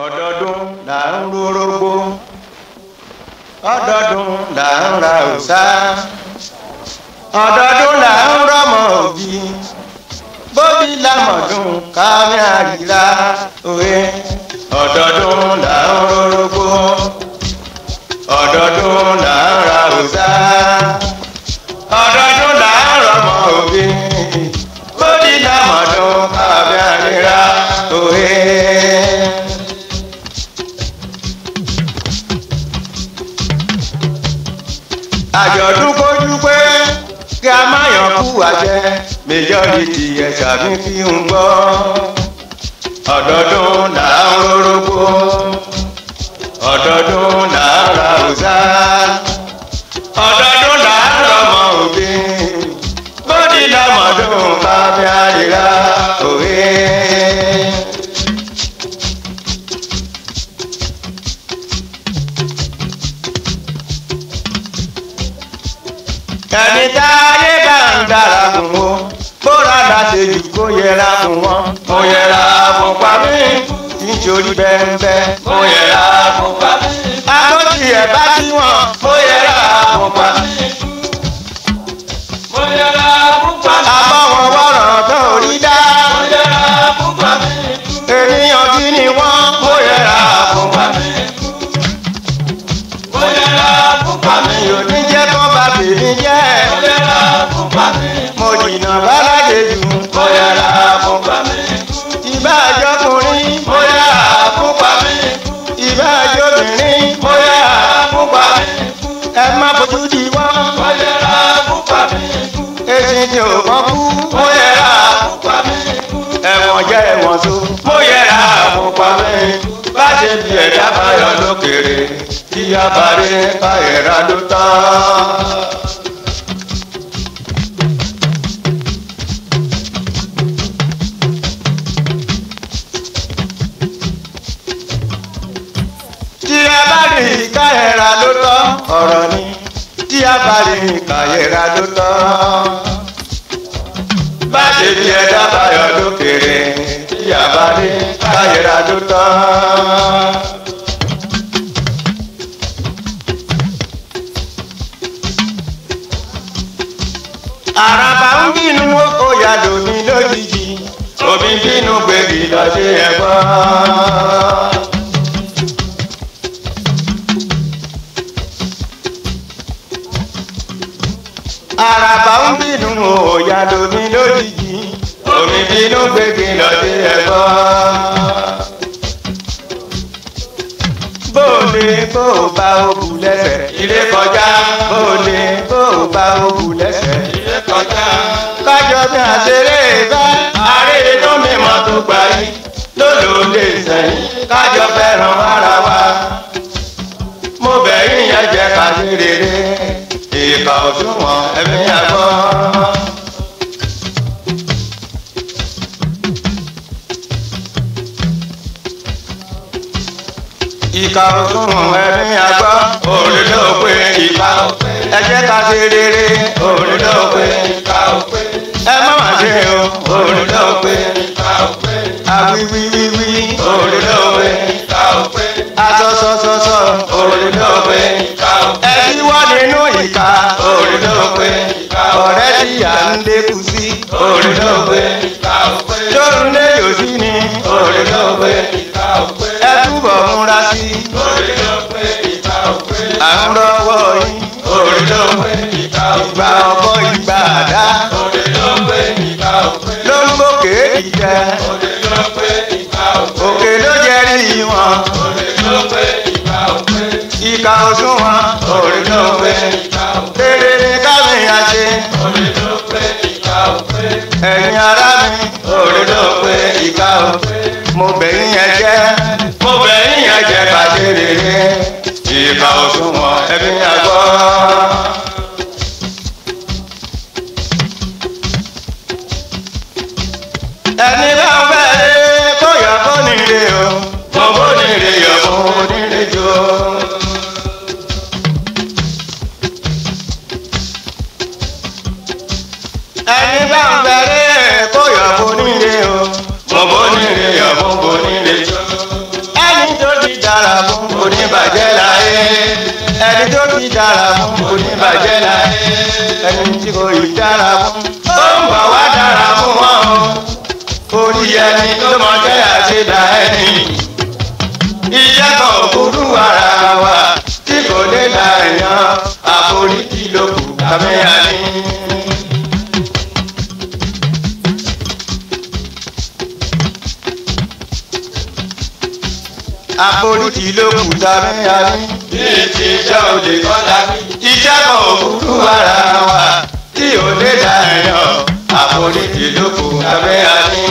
ọdọọdún là ń rorogbo ọdọọdún là ń ra òòṣà ọdọọdún là ń rọmọ òbí bóbi lámọdún kárí àríra òwe ọdọọdún là ń rorogbo ọdọọdún là ń. jẹ́ majority ẹ̀ka mi fi ń gbọ́ ọ̀dọ́dún là ń rorogbo ọ̀dọ́dún là ń ra òòsà ọ̀dọ́dún là ń rọmọ òbí bódì lọ́mọdún bá fi àríra òwe. kó yẹra fún wọn. kó yẹra fún pàmí. nítorí bẹ́ẹ̀nbẹ́. kó yẹra fún pàmí. àtọ́jú ẹ̀ bá tí wọ́n. kó yẹra fún pàmí. bí ẹ̀dá báyọ̀ lókèrè kí abaré bá ẹ̀rá ló tán. kàyẹ̀rà ló tán ọ̀rọ̀ ni tí a bá rí kàyẹ̀rà ló tán. bá ṣe bí ẹ̀dá báyọ̀ lókèrè tí a bá rí kàyẹ̀rà ló tán. bó o bá o bù lẹ́sẹ̀. ilé kọjá. bó o lè bó o bá o bù lẹ́sẹ̀. ilé kọjá. kájọ bí a ṣe lè fẹ́. àárẹ̀ inú mi mọ̀ tó gbà yí. lólóde sẹ́yìn. kájọ fẹ́ràn ara wa. mo bẹ̀ yín yẹn jẹ́ ká ìkà òṣùwọ̀n ẹ̀mí àgbọ̀. ìka òkun ẹni àgbọ̀ òní ló pé ìka òpin ẹ jẹ́ ká ṣe rere òní ló pé ìka òpin ẹ má má ṣe o òní ló pé ìka òpin àwíwíwíwí òní ló pé ìka òpin asọsọsọsọ òní ló pé ìka òpin ẹ ti wá nínú ìka òní ló pé ọ̀rẹ́ tí ń lékun sí òní ló pé ìka òpin sí ni òní ló pé. ka osuwa ore dope terere kame ase ore dope ika ope ẹ̀yin ará mi ore dope ika ope mo bẹ̀ yín mo bẹ̀ yín ẹ jẹ́ ika osuwa ẹbí agbọ. dára fún kò ní bàjẹ́ láyé ẹni tó ti dára fún kò ní bàjẹ́ láyé ẹni tí kò yí dára fún ó ń bọ̀ wá dára fún wọn o orí ẹni tó mọ jẹ́ àṣedà ẹni iṣẹ́ kan ò burú ara wa tí kò lè là èèyàn àforíjì ló kù kàmíyàn ní. àforítì ló kù ta mẹ́ra mi. bí ti ìjọ òde kọ́lá mi. ìjábọ̀ òkúrú ara wa tí ò lè dà yàn àforítì ló kù ta mẹ́ra mi.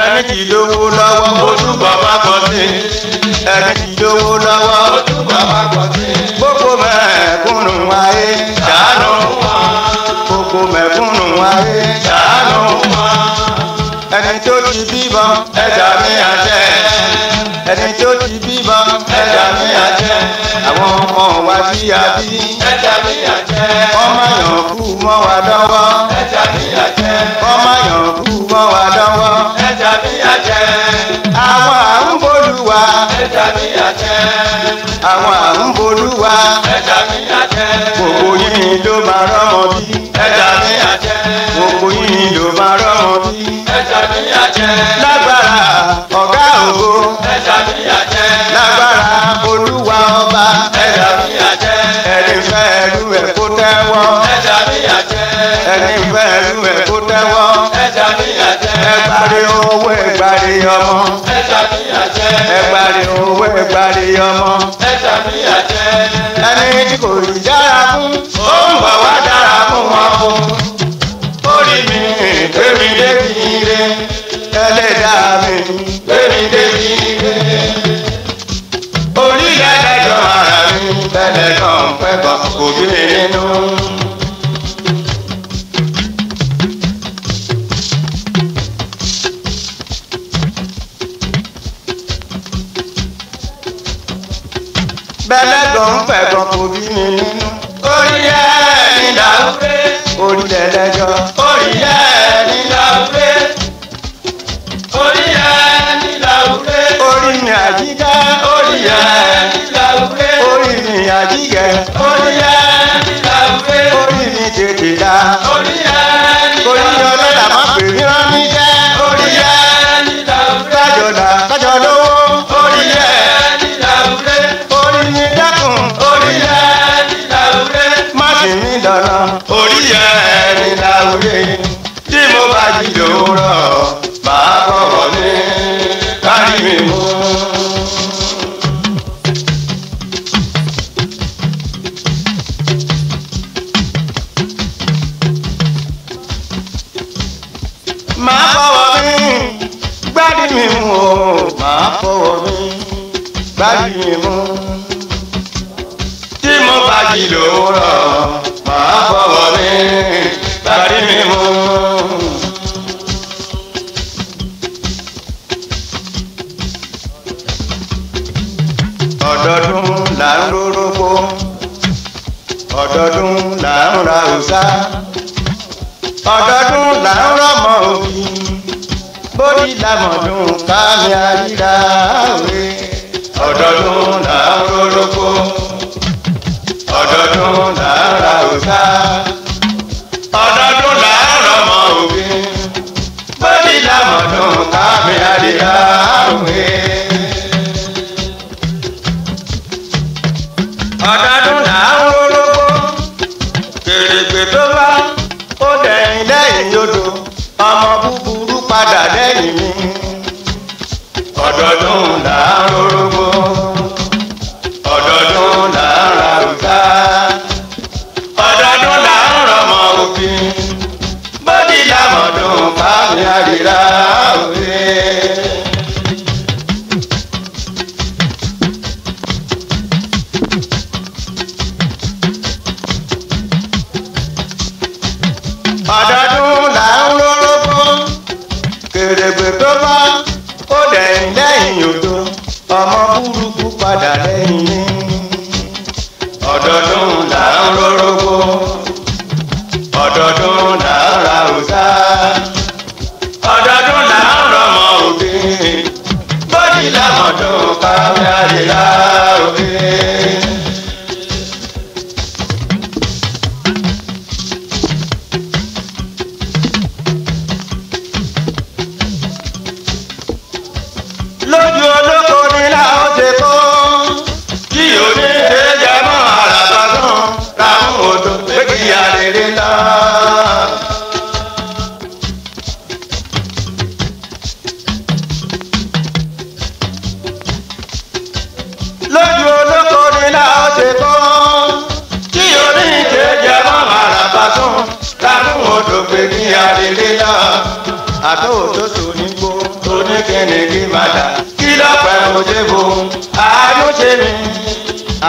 ẹni tí lówó lọ́wọ́ ojú bàbá kan sí ẹni tí lówó lọ́wọ́ ojú bàbá kan sí. gbogbo mẹ́ẹ̀kúnnù wáyé ṣàánú gbogbo mẹ́ẹ̀kúnnù wáyé ṣàánú lọ́wọ́ ẹni tó ti bímọ ẹ̀dá mi àjẹ́ ẹni tó ti bímọ ẹ̀dá mi àjẹ́ àwọn ọmọ wa tí a bí ẹ̀dá mi àjẹ́ ọmọ yàn kú mọ́ wa lọ́wọ́ ẹ̀dá mi àjẹ́ ọmọ yàn kú mọ́ wa lọ́wọ́ ẹ̀dá mi àjẹ́ àwọn àrùn ẹja mi àjẹ. àwọn àrùn bolúwa ẹja mi àjẹ. gbogbo yìí ló máa rọ́mọ bí ẹja mi àjẹ. gbogbo yìí ló máa rọ́mọ bí ẹja mi àjẹ. ẹgbàre owó ẹgbàre ọmọ. ẹgbàre owó ẹgbàre ọmọ. ẹni tí kò rí dára fún ó ń bọ̀ wá dára fún wọn o. ó rí mi pé mi dé kí n lé ẹlẹ́dàá mi pé mi dé kí n lé. orí ẹlẹ́dàá ara mi ẹlẹ́dàá ń pẹ́ bọ̀ kò bí mi nínú. bẹ́lẹ́gàn ń fẹ̀gàn kò bí mi nínú. orí ẹ̀ ní làwúrẹ́ orí lẹ́lẹ́jọ́. orí ẹ̀ ní làwúrẹ́ orí ẹ̀ ní làwúrẹ́. orí mi àjíjá orí ẹ̀ ní làwúrẹ́. orí mi àjíjẹ orí ẹ̀ ní làwúrẹ́. orí mi tètè dá. orí ẹ̀ ní làwúrẹ́. orí ọlọ́dà má pè mí rán níṣẹ́. orí ẹ̀. ọ̀nà orí ẹni làwúrẹ́. Yeah. la ilaha ilé lọ àtọ́ òtútù ní gbó oníkẹ́ni kí máa dà kí lọ́pàá mo dé bo àánú ṣe mi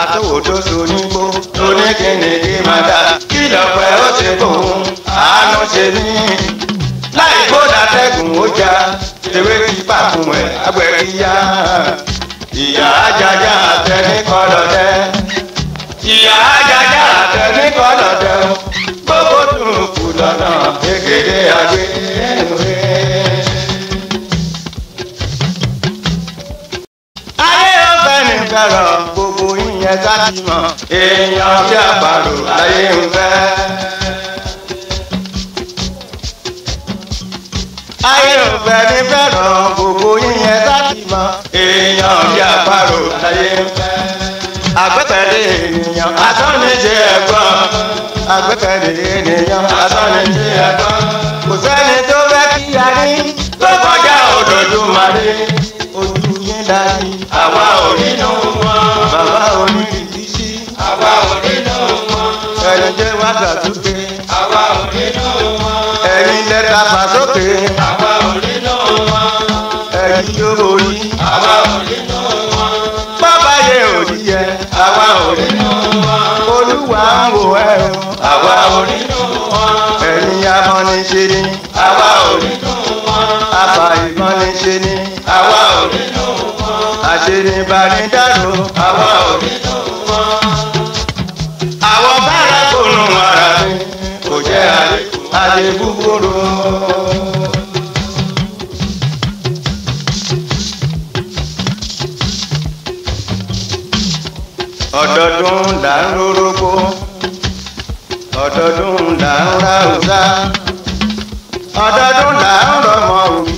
àtọ́ òtútù ní gbó oníkẹ́ni kí máa dà kí lọ́pàá ó ṣe bò àánú ṣe mi láì kó dàtẹ́gùn ó jà ewé kí pàkùn ẹ̀ àgbẹ̀ kí yá ìyá ajájá àtẹnikọ́ lọ́dẹ ìyá ajájá àtẹnikọ́ lọ́dẹ sọ́nà kékeré adé ẹnu rẹ̀. ayé ọ̀fẹ́ ní fẹ́ràn gbogbo ìyẹn ká ti mọ̀ èèyàn bí àpàrò ayé ń fẹ́. ayé ọ̀fẹ́ ní fẹ́ràn gbogbo ìyẹn ká ti mọ̀ èèyàn bí àpàrò ayé ń fẹ́. àgbẹ̀tẹ̀lé ènìyàn atọ́nijẹ́ ẹ̀gbọ́n àgbékalẹ̀ ènìyàn asánijì ẹ̀tàn kò sẹ́ni tó fẹ́ kí a ní tó kọjá òdòdúmarè ojú yín láyé àwa ò nínú wọn bàbá onídìísí àwa ò nínú wọn ẹ̀rẹ̀ jẹ́ wá ṣàtúnṣe àwa ò nínú wọn ẹ̀yin lẹ́ta fà sókè àwa ò nínú wọn ẹ̀yin yóò. wò ẹ́ o. àwa ò rí dùn wọn. ẹ̀yin amọ̀niṣe ni. àwa ò rí dùn wọn. afàìmọ̀niṣe ni. àwa ò rí dùn wọn. àṣerìnbani dàrú. àwa ò rí dùn wọn. àwọn bára kò nù ara mi kò jẹ́ àlè búburú. ọdọọdún là ń roroko ń ra òòṣà ọdọọdún là ń rọmọ òbí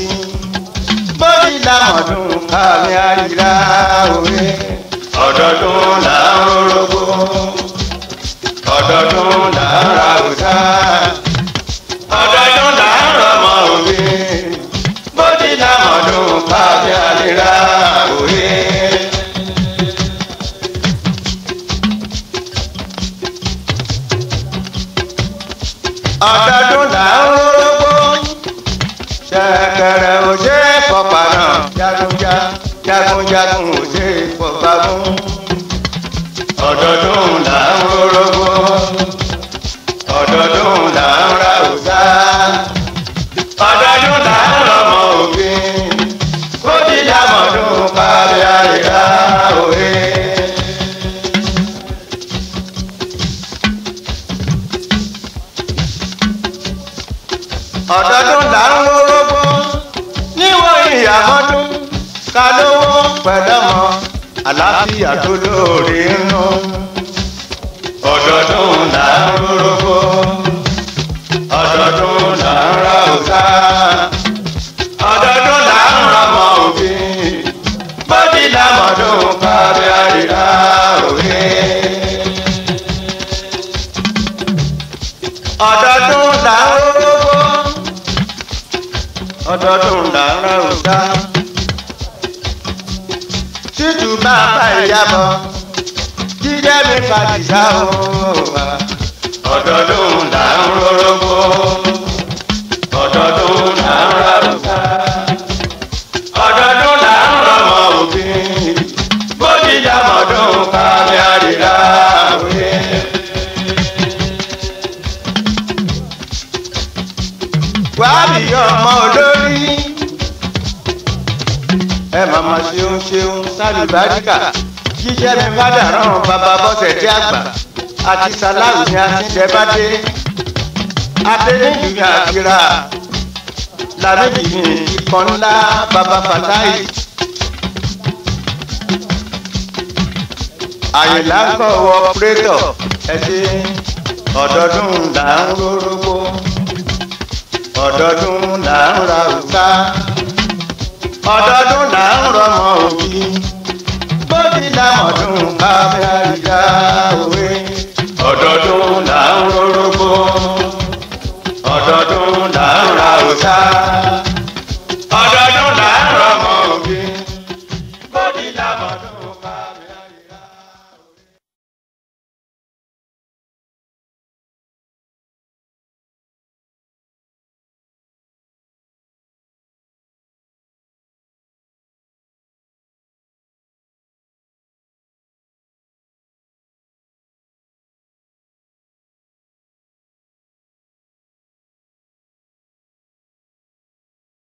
bóbi làmọdún àmì àyíra òwe ọdọọdún là ń ìyá tó lóore rán. àlùbáríkà jíjẹ́ mi fádàrán bàbá bọ́sẹ̀ tí àgbà àti sàláàmù ni a ti jẹ bá dé adéníyù ni àfira làmìlì ni ikọ̀ ńlá bàbá fàtáì. àyìnlá ń bọ̀ wọ pírẹ́tọ̀ ẹtí ọ̀dọ́dún là ń rórógbó ọ̀dọ́dún là ń ra òkà ọ̀dọ́dún là ń rọmọ òbí dámọ̀dún bá mi àríyá òwe ọ̀dọ̀dún là ń rorogbo ọ̀dọ̀dún là ń ra òṣà.